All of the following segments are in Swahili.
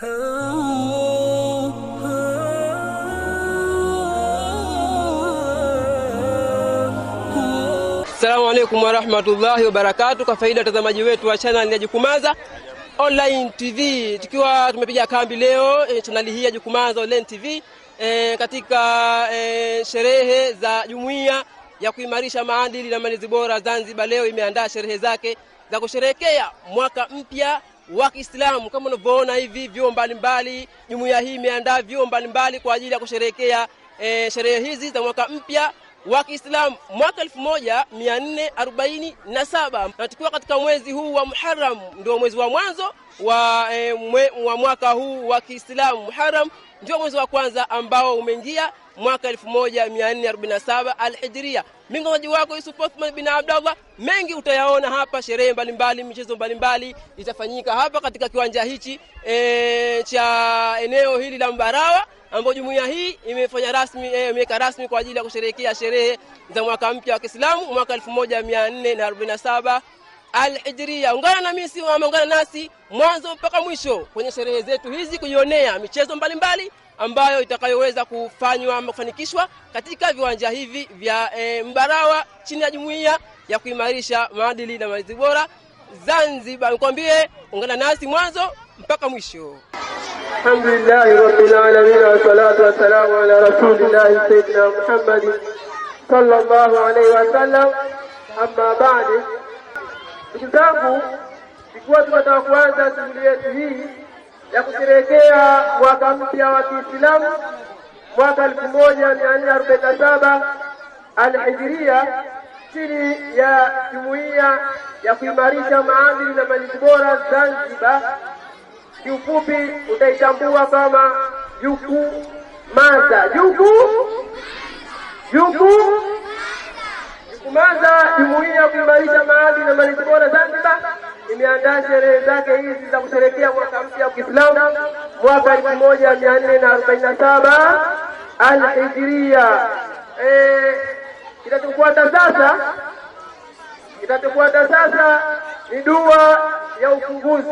Assalamu rahmatullahi wa barakatuh, Kwa faida watazamaji wetu wa channel ya Jukumaza Online TV, tukiwa tumepiga kambi leo e, chaneli hii ya Jukumaza Online TV e, katika e, sherehe za jumuiya ya kuimarisha maadili na malezi bora Zanzibar, leo imeandaa sherehe zake za kusherehekea mwaka mpya wa Kiislamu. Kama unavyoona hivi vyuo mbalimbali, jumuiya hii imeandaa vyuo mbalimbali kwa ajili ya kusherehekea e, sherehe hizi za mwaka mpya wa Kiislamu mwaka 1447 na tukiwa katika mwezi huu wa Muharram, ndio mwezi wa mwanzo wa, e, mwe, wa mwaka huu wa Kiislamu. Muharram ndio mwezi wa kwanza ambao umeingia mwaka 1447 Alhijiria. Mingozaji wako Yusuf Othman bin Abdallah, mengi utayaona hapa, sherehe mbalimbali, michezo mbalimbali itafanyika hapa katika kiwanja hichi e, cha eneo hili la Mbarawa ambayo jumuiya hii imefanya rasmi eh, imeweka rasmi kwa ajili ya kusherehekea sherehe za mwaka mpya wa Kiislamu mwaka 1447 Al-Hijria. Ungana na mimi ama ungana nasi mwanzo mpaka mwisho kwenye sherehe zetu hizi, kujionea michezo mbalimbali mbali ambayo itakayoweza kufanywa ama kufanikishwa katika viwanja hivi vya eh, Mbarawa chini ya jumuiya ya kuimarisha maadili na malezi bora Zanzibar. Nikwambie, ungana nasi mwanzo mpaka mwisho. Alhamdulillahi rabbil alamin wassalatu wassalamu ala rasulillahi sayyidina Muhammadin sallallahu alaihi wasallam. Amma baadi, ndugu zangu, ikiwa tunataka kuanza shughuli yetu hii ya kusherehekea mwaka mpya wa Kiislamu mwaka elfu moja mia nne arobaini na saba alhijiria chini ya jumuiya ya kuimarisha maadili na malezi bora Zanzibar kiufupi utaitambua kama yuku maza yuku yuku yukumaza. Jumuiya ya kuimarisha maadili na malezi bora Zanzibar imeandaa sherehe zake hizi za kusherekea mwaka mpya wa Kiislamu mwaka elfu moja mia nne na arobaini na saba Alhijiria. E, kitachofuata sasa, kitachofuata sasa ni dua ya upunguzi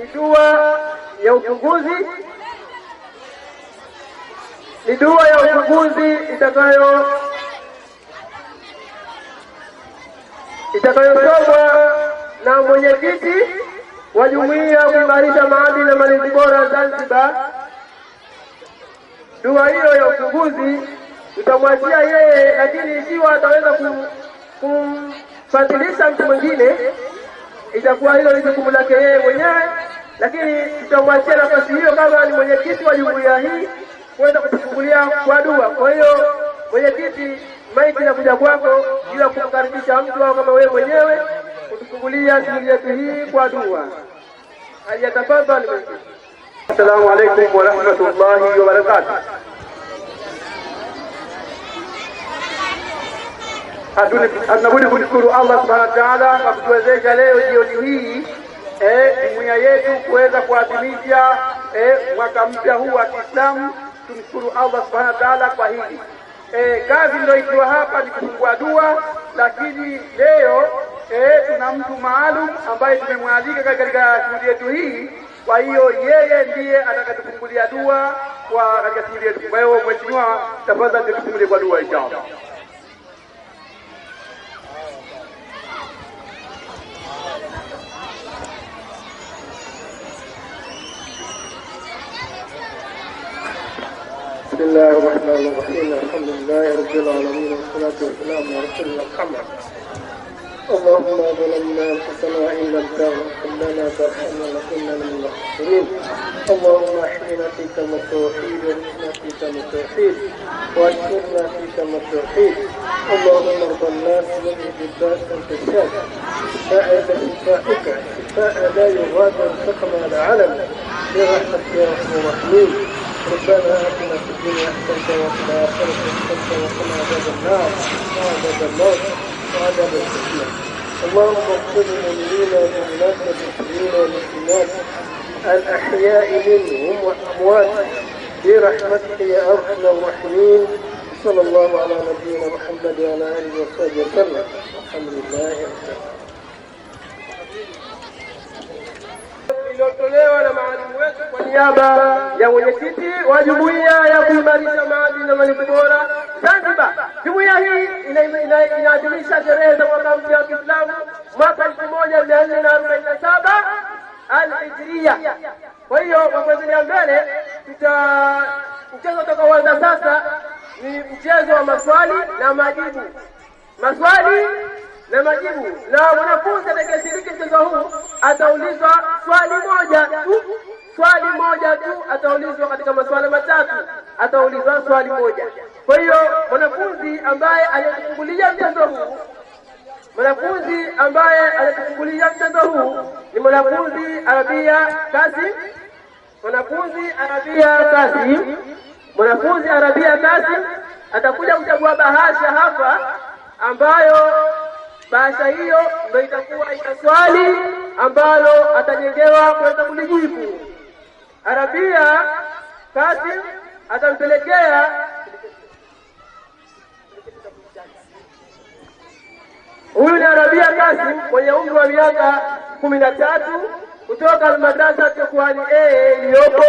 ni dua ya upunguzi ni dua ya upunguzi itakayo itakayosomwa na mwenyekiti wa jumuiya ya kuimarisha maadili na malezi bora Zanzibar. Dua hiyo ya upunguzi tutamwachia yeye, lakini ikiwa ataweza kumfadhilisha mtu mwingine itakuwa hilo ni jukumu lake yeye mwenyewe, lakini tutamwachia nafasi hiyo kama ni mwenyekiti wa jumuiya hii kuweza kutufungulia kwa dua. Kwa hiyo mwenyekiti, maiki inakuja kwako juu ya kumkaribisha mtu au kama wewe mwenyewe kutufungulia shughuli yetu hii kwa dua. Hajatafadhali mwenyekiti. Assalamu alaikum warahmatullahi wabarakatuh. hatunabudi kumshukuru Allah subhanahu wa ta'ala kwa kutuwezesha leo jioni hii eh, jumuiya yetu kuweza kuadhimisha eh, mwaka mpya huu wa Kiislamu. Tumshukuru Allah subhanahu wa ta'ala kwa hili. Eh, kazi ndio ikiwa hapa ni kufungua dua, lakini leo tuna mtu maalum ambaye tumemwalika katika shughuli yetu hii. Kwa hiyo yeye ndiye atakatufungulia dua kwa katika shughuli yetu. Kwa hiyo, mheshimiwa, tafadhali tufungulie kwa dua inshallah. بسم الله الرحمن الرحيم الحمد لله رب العالمين والصلاة والسلام على رسول الله محمد اللهم ظلمنا انفسنا ان لم تغفر لنا فارحمنا لكنا من المغفرين اللهم احمنا فيك من التوحيد وارزقنا فيك من التوحيد واكثرنا فيك من التوحيد اللهم ارض الناس واجد انت الفساد شفاءك شفاءك شفاء لا يغادر سقما على علم برحمتك يا ارحم الراحمين ربنا آتنا في الدنيا حسنة وفي الآخرة حسنة وقنا عذاب النار وعذاب الموت وعذاب الفتنة اللهم اغفر للمؤمنين والمؤمنات والمسلمين والمسلمات الأحياء منهم والأموات برحمتك يا أرحم الراحمين صلى الله على نبينا محمد وعلى آله وصحبه وسلم الحمد لله رب العالمين iliyotolewa na maalimu wetu kwa niaba ya mwenyekiti wa jumuiya ya kuimarisha maadili na malipo bora Zanzibar. Jumuiya hii inaadhimisha sherehe za mwaka mpya wa Kiislamu mwaka elfu moja mia nne na arobaini na saba alhijiria. Kwa hiyo kwa kuendelea mbele, tuta mchezo utakaoanza sasa ni mchezo wa maswali na majibu. Maswali na majibu, na mwanafunzi atakayeshiriki mchezo huu ataulizwa swali moja tu, swali moja tu ataulizwa katika maswala matatu, ataulizwa swali moja. Kwa hiyo mwanafunzi ambaye aliyetufungulia mchezo huu mwanafunzi ambaye anatufungulia mchezo huu ni mwanafunzi Arabia Kasim, mwanafunzi Arabia Kasim, mwanafunzi Arabia Kasim atakuja kuchagua bahasha hapa ambayo Bahasha hiyo ndio itakuwa ina swali ambalo atajengewa kuweza kulijibu. Arabia kati atampelekea huyu ni Arabia Kasim mwenye umri wa miaka kumi na tatu kutoka Almadrasa Tekwani A iliyopo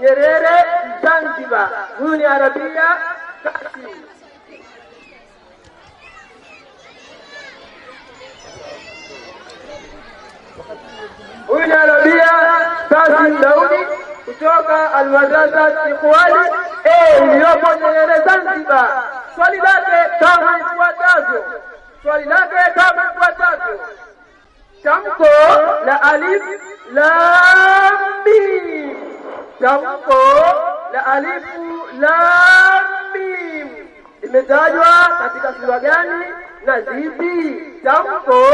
Nyerere, Zanzibar. Huyu ni Arabia Kasim. Huyu ni Arabia Tasim Daudi kutoka Almadrasa Ikhwani eh, iliyopo Nyerere Zanzibar. Swali lake kama ifuatavyo, swali lake kama ifuatavyo: tamko la alif lam mim, tamko la alif lam mim limetajwa katika sura gani na zipi? Tamko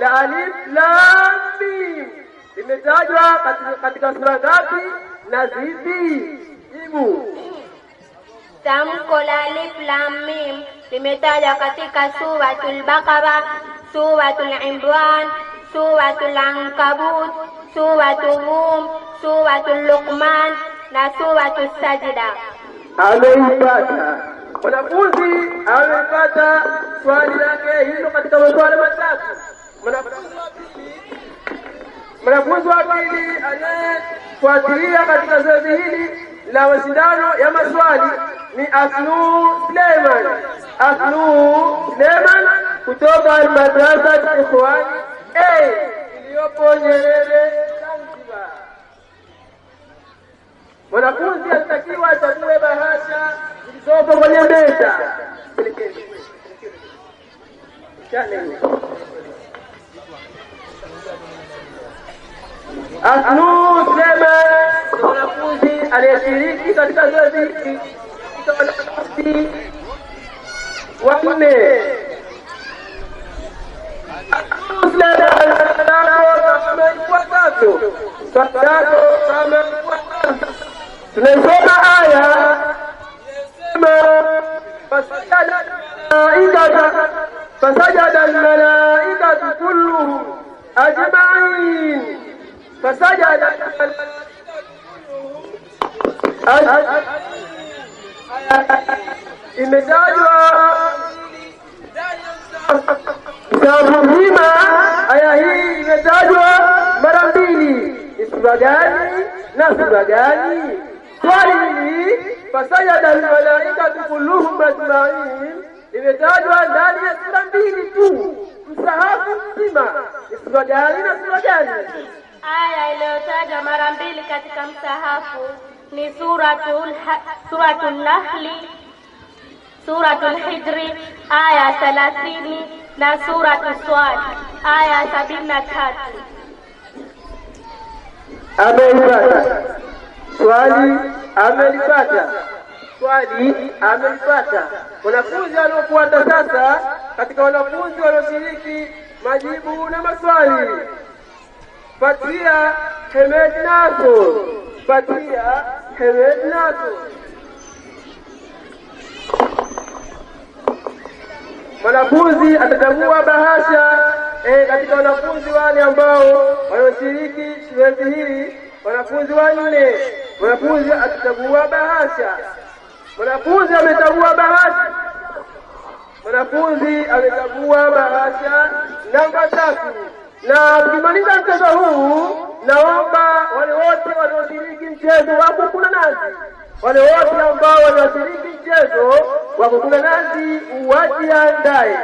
la alif lam mim imetajwa katika, katika sura ngapi na zipi? Jibu. Tamko la Alif Lam Mim limetajwa katika Suratul Baqara, Suratul Imran, Suratul Ankabut, Suratul Rum, Suratul Luqman na Suratul Sajda. Ameipata mwanafunzi, ameipata swali lake hilo katika maswali matatu. Mwanafunzi mwanafunzi wa pili aliyefuatilia katika zoezi hili la mashindano ya maswali ni Asnuu Suleiman, Asnuu Suleiman kutoka Madrasa Ikhwan A iliyopo Nyerere, Zanzibar. Mwanafunzi alitakiwa achague bahasha zilizopo kwenye meza Anuu Suleiman Mwanafunzi aliyeshiriki katika zoezi katika wanafunzi wanne. Anuu Suleiman kama ifuatavyo, swali lako kama ifuatavyo. Tunaisoma aya inasema, fasajada almalaikatu kulluhum ajmain fasajada imetajwa sababu nzima. Aya hii imetajwa mara mbili. Ni sura gani na sura gani? Swali hili fasajada almalaikatu kulluhum ajmain imetajwa ndani ya sura mbili tu, msahafu mzima. Ni sura gani na sura gani? Aya iliyotajwa mara mbili katika msahafu ni suratul suratul Nahli, suratul lhijri aya thalathini na suratul Swad aya sabini na tatu. Ameipata swali, amelipata swali, amelipata. Wanafunzi waliofuata sasa katika wanafunzi walioshiriki majibu na maswali patria hemed nato patria hemed nato Mwanafunzi atachagua bahasha e, katika wanafunzi wale ambao wanaoshiriki zoezi hili, wanafunzi wanne. Mwanafunzi atachagua bahasha, mwanafunzi amechagua bahasha, mwanafunzi amechagua bahasha namba tatu. Na tukimaliza mchezo huu, naomba wale wote walioshiriki mchezo wa kukuna nazi, wale wote ambao walioshiriki mchezo wa kukuna nazi wajiandae.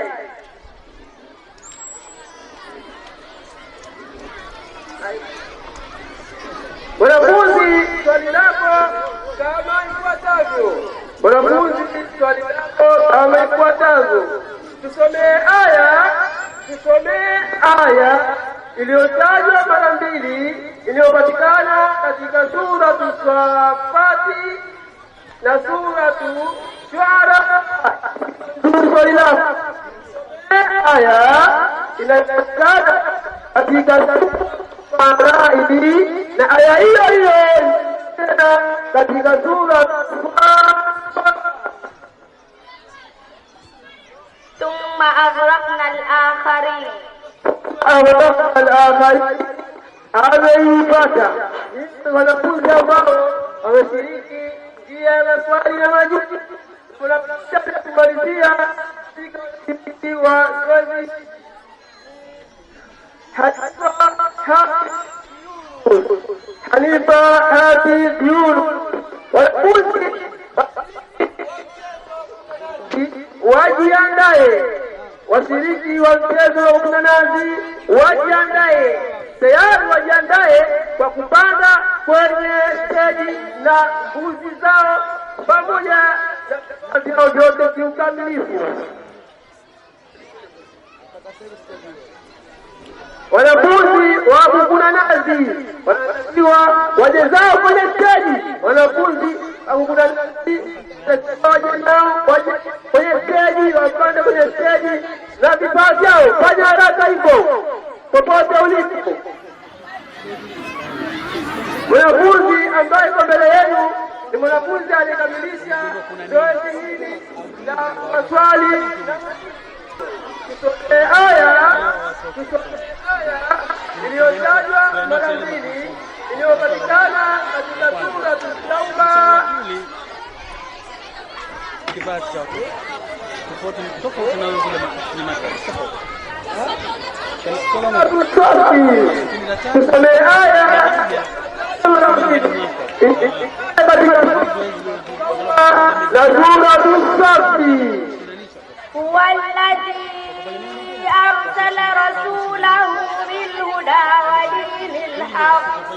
Wanafunzi, swali lako kama ifuatavyo. Wanafunzi, swali lako kama ifuatavyo. Tusomee aya Tusomee aya iliyotajwa mara mbili iliyopatikana katika Suratu Safati na Suratu Shuara. Aya inayopatikana katika Maraidi na aya hiyo hiyo katika Suratu أغرقنا الآخرين أغرقنا الآخرين هذا يبقى ونقول كما ونشريكي جيا لسواري لمجد ونبتشت مرزية في وزي حتى حليفة هذه ديون ونقول واجي عندها washiriki wa mchezo wa unanazi wajiandae, tayari wajiandae kwa kupanda kwenye steji na uzi zao pamoja na vyao vyote kiukamilifu. Wanafunzi wa kukuna nazi wanatakiwa waje zao kwenye steji. Wanafunzi wa kukuna nazi waje zao kwenye steji, wapande kwenye steji na vifaa vyao. Fanya haraka hivyo popote ulipo. Mwanafunzi ambaye kwa mbele yenu ni mwanafunzi aliyekamilisha zoezi hili la maswali, tusomee aya wilaya iliyotajwa mara mbili iliyopatikana katika Suratul Tauba tusomee aya لسورة الصف هو الذي أرسل رسوله عليهم الحق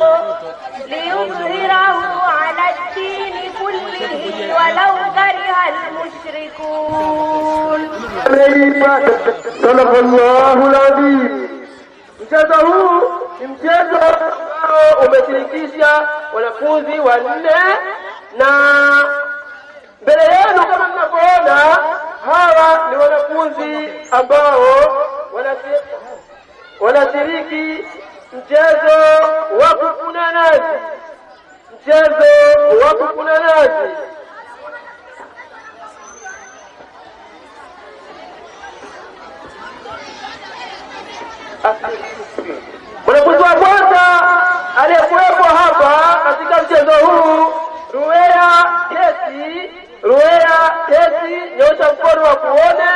ليظهره على الدين كله ولو كره المشركون صدق الله العظيم مشاهده امتياز وبتركيزيا ونفوذي ونا نا بلايانو كما نقول هذا لونفوذي أباو ونفوذي wanashiriki mchezo wa kukuna nazi, mchezo wa kukuna nazi. Mwanafunzi wa kwanza aliyekuwepo hapa katika mchezo huu, Ruwea Kesi, Ruwea Kesi, nyosha mkono wa kuone.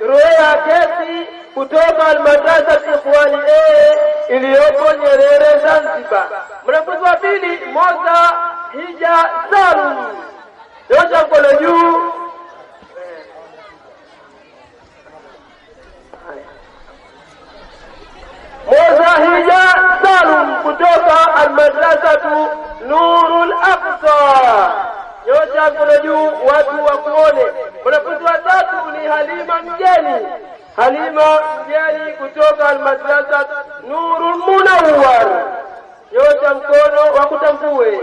Ruwea Kesi. kutoka almadrasa Ikhwani A iliyopo Nyerere Zanzibar. Mwanafunzi wa pili Moza Hija Salum, nyosha mkono juu. Moza Hija Salum kutoka almadrasatu Nurul Aqsa nyosha mkono juu, watu wakuone. Mwanafunzi wa tatu ni Halima Mjeni Halima jeli kutoka almadrasa Nurul Munawwar, nyosha mkono wakutambue.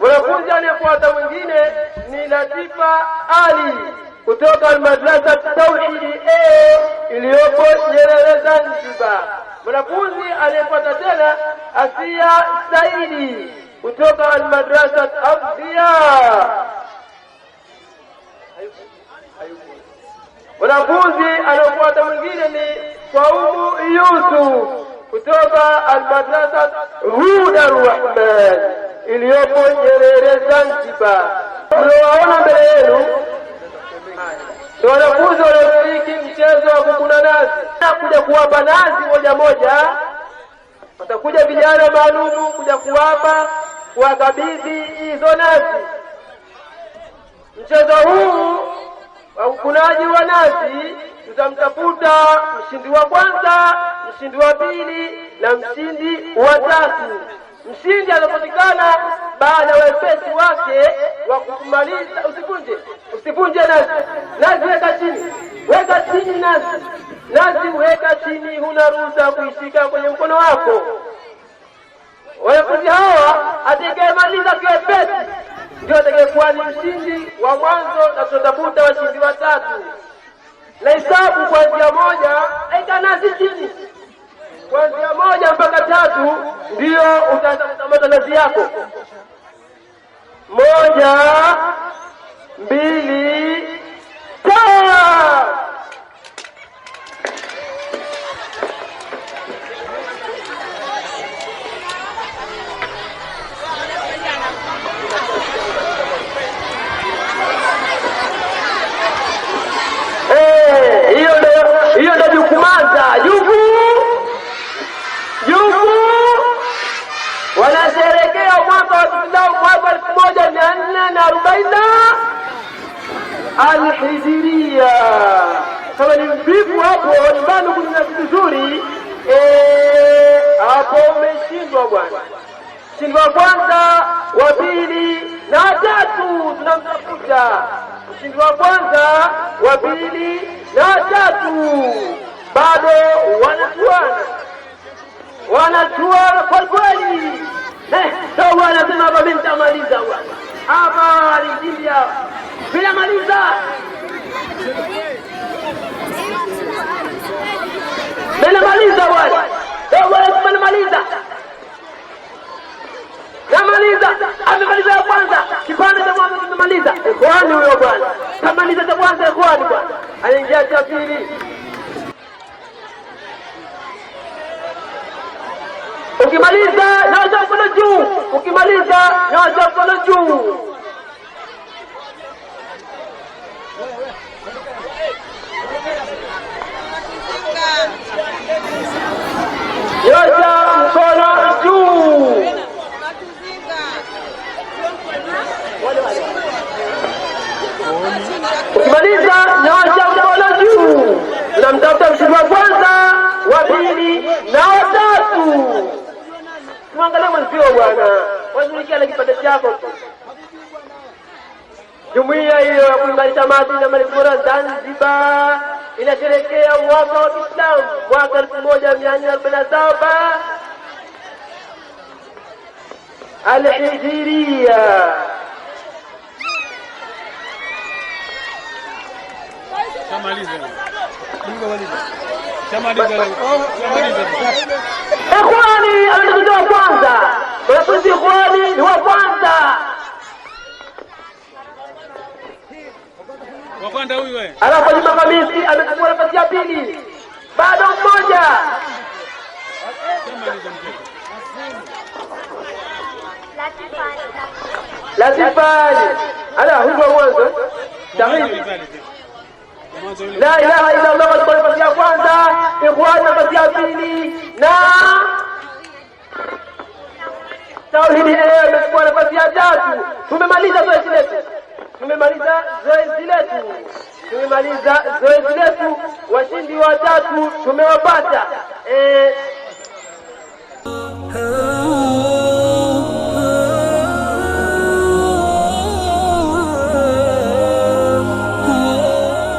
Mwanafunzi anayefuata mwingine ni Latifa Ali kutoka almadrasa Tauhidi A iliyopo Nyerere Zanzibar. Mwanafunzi anayefuata tena Asia Saidi kutoka almadrasa Abdia Mwanafunzi anayofuata mwingine ni Saumu Yusuf kutoka almadrasa Huda Rahman iliyopo Nyerere, Zanzibar. Mnawaona mbele yenu ni wanafunzi walioshiriki mchezo wa kukuna nazi. Kuja kuwapa nazi moja moja, watakuja vijana maalumu kuja kuwapa kuwakabidhi hizo nazi. Mchezo huu wa wa nazi, tutamtafuta mshindi wa kwanza, mshindi wa pili na mshindi wa tatu. Mshindi anapatikana baada ya wepesi wake wa kumaliza. Usivunje, usivunje nazi, nazi weka chini, weka chini nazi, nazi weka chini, huna ruhusa kuishika kwenye mkono wako. Wanafunzi hawa atakayemaliza kiwepesi ndio atakayekuwa ni mshindi wa mwanzo na tutatafuta washindi watatu. Na hesabu kuanzia moja aikanazi chini, kuanzia moja mpaka tatu ndio utaanza kutamata nazi yako. Moja, mbili, tatu. alhijiria. Kama ni mvivu hapo nyumbani kuninasi vizuri e, hapo umeshindwa bwana. Mshindi wa kwanza, wa pili na tatu tunamtafuta. Mshindi wa kwanza, wa pili na tatu bado wanachuana, wanachuana kwa kweli. Eh, Anasema hapa mtamaliza bwana, ama alijilia bila maliza bila maliza eh bwana, bwana maliza kamaliza, amemaliza ah, ya kwanza, kipande cha mwanzo kimemaliza, eh, kwani huyo bwana kamaliza cha kwanza, eh, kwani bwana anaingia cha pili. Ukimaliza nyosha mkono juu, ukimaliza nyosha mkono juu. Nyosha mkono juu. Ukimaliza nyosha mkono juu. Tunamtafuta mshindi wa kwanza, wa pili na wa tatu. Mwangalie mwenzio bwana, washughulikia na kipande chako tu. Jumuiya hiyo ya kuimarisha na malezi bora Zanzibar inasherekea mwaka wa Kiislamu mwaka 1447 Alhijiria. Ikhwani, alikuja wa kwanza, wanafunzi ikhwani ni wa kwanza alafu Juma Khamisi amechukua nafasi ya pili, bado mmoja Latifani ala huko mwanzo sahihi. La ilaha illa Allah alikuwa nafasi ya kwanza, Ikhwan nafasi ya pili na Tauhidi eh, amechukua nafasi ya tatu. Tumemaliza zoezi letu. Tumemaliza zoezi letu, tumemaliza zoezi letu, washindi watatu tumewapata. E,